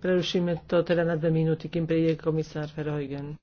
prerušíme to teda na dve minúty, kým príde komisár Verheugen.